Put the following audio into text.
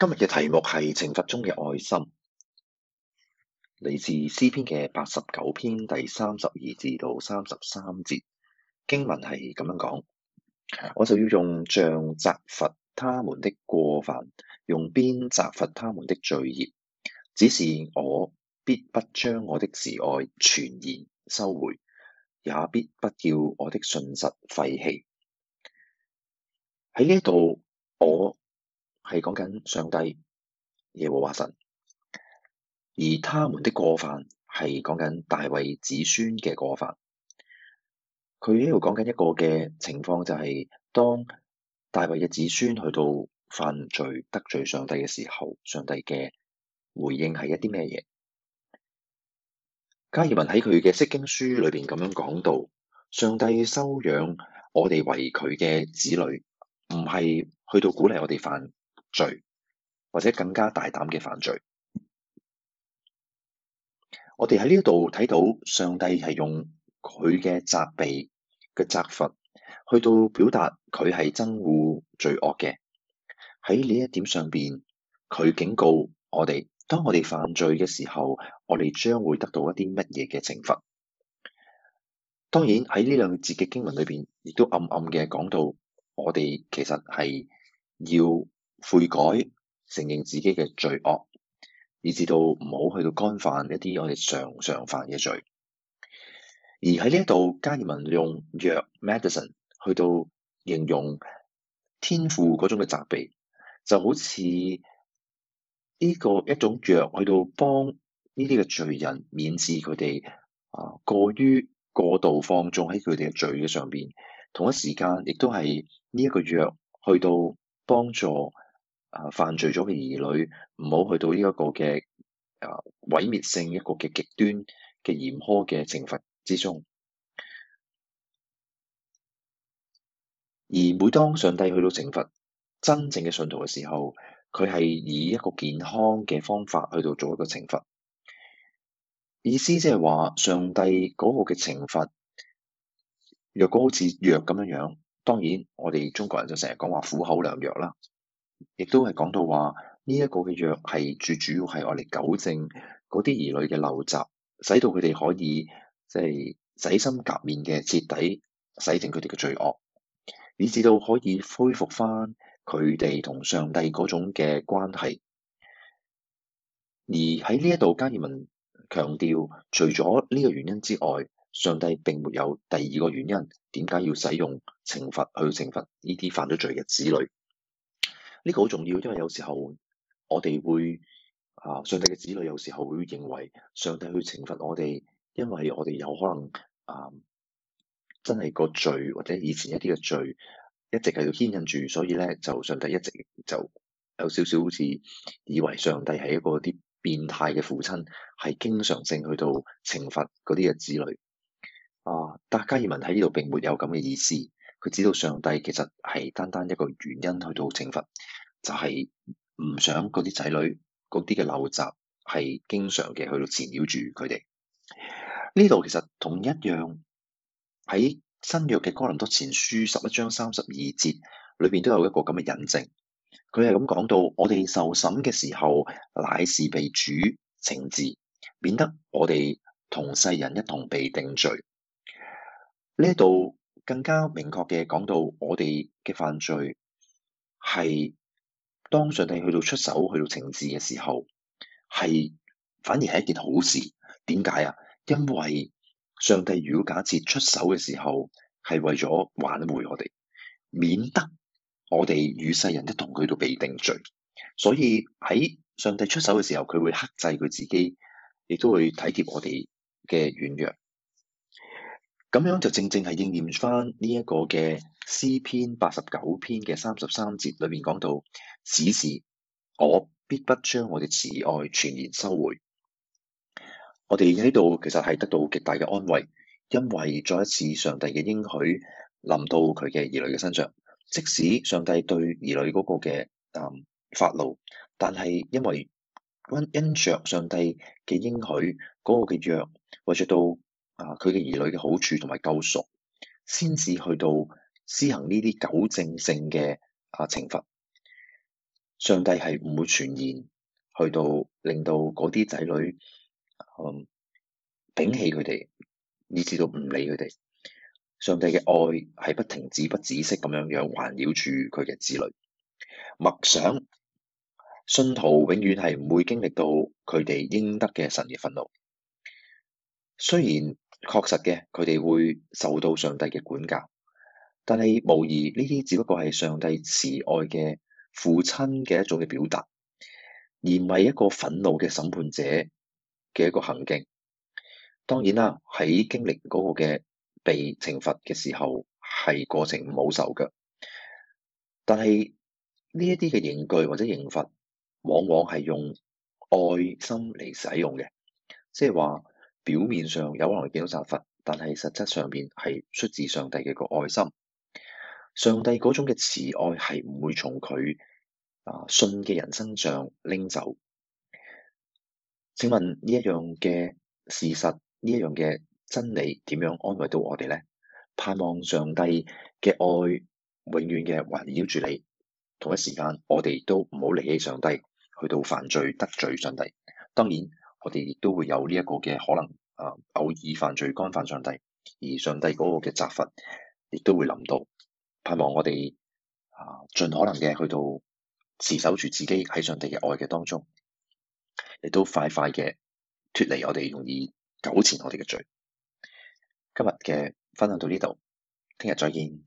今日嘅題目係懲罰中嘅愛心，嚟自詩篇嘅八十九篇第三十二至到三十三節，經文係咁樣講，我就要用杖責罰他們的過犯，用鞭責罰他們的罪孽，只是我必不將我的慈愛全然收回，也必不叫我的信實廢棄。喺呢度我。係講緊上帝耶和華神，而他們的過犯係講緊大衛子孫嘅過犯。佢呢度講緊一個嘅情況就係、是，當大衛嘅子孫去到犯罪得罪上帝嘅時候，上帝嘅回應係一啲咩嘢？加爾文喺佢嘅釋經書裏邊咁樣講到，上帝收養我哋為佢嘅子女，唔係去到鼓勵我哋犯。罪或者更加大膽嘅犯罪，我哋喺呢一度睇到上帝係用佢嘅責備嘅責罰，去到表達佢係憎惡罪惡嘅。喺呢一點上邊，佢警告我哋，當我哋犯罪嘅時候，我哋將會得到一啲乜嘢嘅懲罰。當然喺呢兩節嘅經文裏邊，亦都暗暗嘅講到，我哋其實係要。悔改、承認自己嘅罪惡，以至到唔好去到干犯一啲我哋常常犯嘅罪。而喺呢一度，加爾文用藥 （medicine） 去到形容天父嗰種嘅責備，就好似呢個一種藥去到幫呢啲嘅罪人免治佢哋啊過於過度放縱喺佢哋嘅罪嘅上邊。同一時間，亦都係呢一個藥去到幫助。啊！犯罪咗嘅兒女唔好去到呢一個嘅啊毀滅性一個嘅極端嘅嚴苛嘅懲罰之中。而每當上帝去到懲罰真正嘅信徒嘅時候，佢係以一個健康嘅方法去到做一個懲罰。意思即係話，上帝嗰個嘅懲罰，若果好似藥咁樣樣，當然我哋中國人就成日講話苦口良藥啦。亦都係講到話呢一個嘅藥係最主要係我嚟糾正嗰啲兒女嘅陋習，使到佢哋可以即係、就是、洗心革面嘅徹底洗淨佢哋嘅罪惡，以至到可以恢復翻佢哋同上帝嗰種嘅關係。而喺呢一度加爾文強調，除咗呢個原因之外，上帝並沒有第二個原因點解要使用懲罰去懲罰呢啲犯咗罪嘅子女。呢個好重要，因為有時候我哋會啊，上帝嘅子女有時候會認為上帝去懲罰我哋，因為我哋有可能啊，真係個罪或者以前一啲嘅罪一直喺度牽引住，所以咧就上帝一直就有少少好似以為上帝係一個啲變態嘅父親，係經常性去到懲罰嗰啲嘅子女啊。但加爾文喺呢度並沒有咁嘅意思。佢知道上帝其實係單單一個原因去到懲罰，就係、是、唔想嗰啲仔女嗰啲嘅陋習係經常嘅去到纏繞住佢哋。呢度其實同一樣喺新約嘅哥林多前書十一章三十二節裏邊都有一個咁嘅引證。佢係咁講到：我哋受審嘅時候，乃是被主懲治，免得我哋同世人一同被定罪。呢度。更加明確嘅講到，我哋嘅犯罪係當上帝去到出手去到懲治嘅時候，係反而係一件好事。點解啊？因為上帝如果假設出手嘅時候係為咗挽回我哋，免得我哋與世人一同佢都被定罪，所以喺上帝出手嘅時候，佢會克制佢自己，亦都會體貼我哋嘅軟弱。咁樣就正正係應驗翻呢一個嘅詩篇八十九篇嘅三十三節裏面講到，此時我必不將我嘅慈愛全然收回。我哋喺度其實係得到極大嘅安慰，因為再一次上帝嘅應許臨到佢嘅兒女嘅身上，即使上帝對兒女嗰個嘅誒發怒，但係因為因着上帝嘅應許嗰、嗰個嘅約，或者到。啊！佢嘅兒女嘅好處同埋救贖，先至去到施行呢啲糾正性嘅啊懲罰。上帝係唔會傳言去到令到嗰啲仔女，嗯，摒棄佢哋，以至到唔理佢哋。上帝嘅愛係不停止、不止息咁樣樣環繞住佢嘅子女。默想，信徒永遠係唔會經歷到佢哋應得嘅神嘅憤怒，雖然。確實嘅，佢哋會受到上帝嘅管教，但係無疑呢啲只不過係上帝慈愛嘅父親嘅一種嘅表達，而唔係一個憤怒嘅審判者嘅一個行徑。當然啦，喺經歷嗰個嘅被懲罰嘅時候，係過程唔好受噶。但係呢一啲嘅刑具或者刑罰，往往係用愛心嚟使用嘅，即係話。表面上有可能見到責罰，但係實質上面係出自上帝嘅個愛心。上帝嗰種嘅慈愛係唔會從佢啊信嘅人身上拎走。請問呢一樣嘅事實，呢一樣嘅真理點樣安慰到我哋咧？盼望上帝嘅愛永遠嘅環繞住你。同一時間我哋都唔好離棄上帝，去到犯罪得罪上帝。當然，我哋亦都會有呢一個嘅可能。啊！偶爾犯罪，干犯上帝，而上帝嗰個嘅責罰亦都會臨到。盼望我哋啊，盡可能嘅去到持守住自己喺上帝嘅愛嘅當中，亦都快快嘅脫離我哋容易糾纏我哋嘅罪。今日嘅分享到呢度，聽日再見。